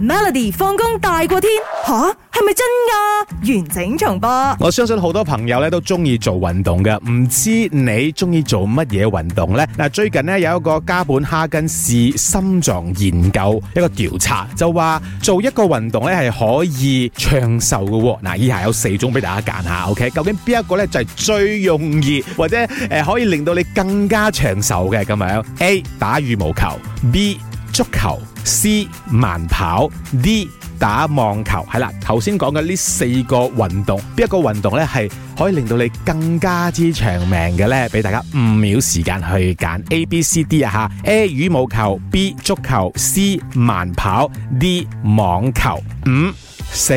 Melody 放工大過天吓，係咪真噶？完整重播。我相信好多朋友咧都中意做運動嘅，唔知你中意做乜嘢運動呢？嗱，最近有一個加本哈根市心臟研究一個調查，就話做一個運動咧係可以長壽嘅。嗱，以下有四種俾大家揀下，OK？究竟邊一個咧就係最容易或者誒可以令到你更加長壽嘅咁樣？A 打羽毛球，B 足球。C 慢跑，D 打網球，係啦，頭先講嘅呢四個運動，邊一個運動呢，係可以令到你更加之長命嘅呢？俾大家五秒時間去揀 A、B、C、D 啊吓，A 羽毛球，B 足球，C 慢跑，D 網球，五、四、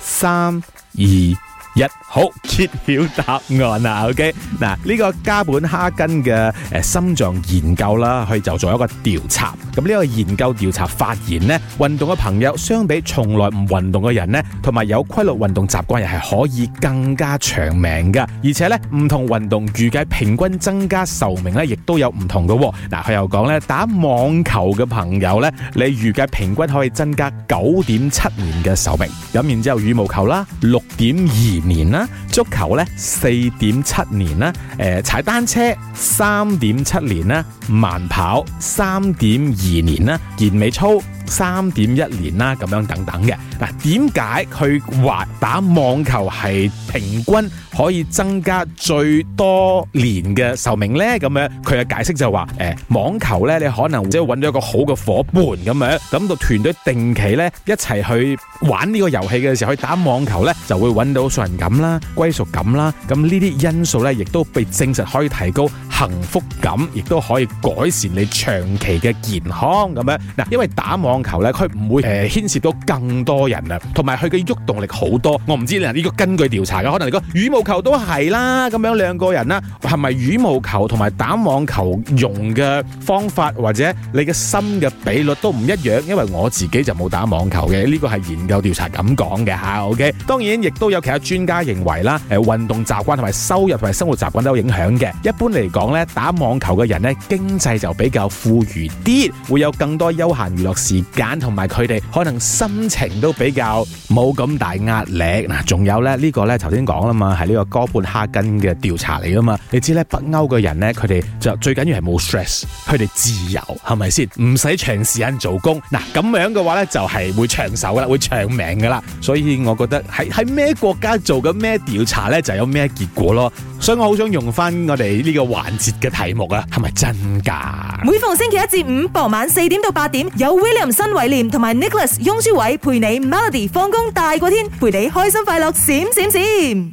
三、二。一，好揭曉答案啊！OK，嗱呢個加本哈根嘅誒心臟研究啦，佢就做一個調查。咁呢個研究調查發現呢，運動嘅朋友相比從來唔運動嘅人呢，同埋有規律運動習慣人係可以更加長命㗎。而且呢，唔同運動預計平均增加壽命呢，亦都有唔同㗎。嗱，佢又講呢，打網球嘅朋友呢，你預計平均可以增加九點七年嘅壽命。咁然之後羽毛球啦，六點二。年啦，足球呢，四點七年啦，誒、呃，踩單車三點七年啦，慢跑三點二年啦，健美操三點一年啦，咁樣等等嘅。嗱，點解佢話打網球係平均可以增加最多年嘅壽命咧？咁樣佢嘅解釋就係話，誒、哎，網球咧，你可能即係揾到一個好嘅伙伴咁樣，咁到團隊定期咧一齊去玩呢個遊戲嘅時候去打網球咧，就會揾到信任感啦、歸屬感啦，咁呢啲因素咧，亦都被證實可以提高幸福感，亦都可以改善你長期嘅健康咁樣。嗱，因為打網球咧，佢唔會誒、呃、牽涉到更多。人同埋佢嘅喐動力好多，我唔知啦。呢個根據調查嘅，可能你個羽毛球都係啦，咁樣兩個人啦，係咪羽毛球同埋打網球用嘅方法或者你嘅心嘅比率都唔一樣？因為我自己就冇打網球嘅，呢個係研究調查咁講嘅吓。OK，當然亦都有其他專家認為啦，誒，運動習慣同埋收入同埋生活習慣都有影響嘅。一般嚟講呢，打網球嘅人呢，經濟就比較富裕啲，會有更多休閒娛樂時間，同埋佢哋可能心情都。比較冇咁大壓力嗱，仲有咧呢、呢個咧，頭先講啦嘛，係呢個哥本哈根嘅調查嚟噶嘛。你知咧北歐嘅人咧，佢哋就最緊要係冇 stress，佢哋自由係咪先？唔使長時間做工嗱，咁樣嘅話咧就係、是、會長手啦，會長命噶啦。所以我覺得喺喺咩國家做緊咩調查咧，就有咩結果咯。所以我好想用翻我哋呢個環節嘅題目啊，係咪真噶？每逢星期一至五傍晚四點到八點，有 William 新偉廉同埋 Nicholas 翁書偉陪你。Melody 放工大過天，陪你開心快樂閃閃閃。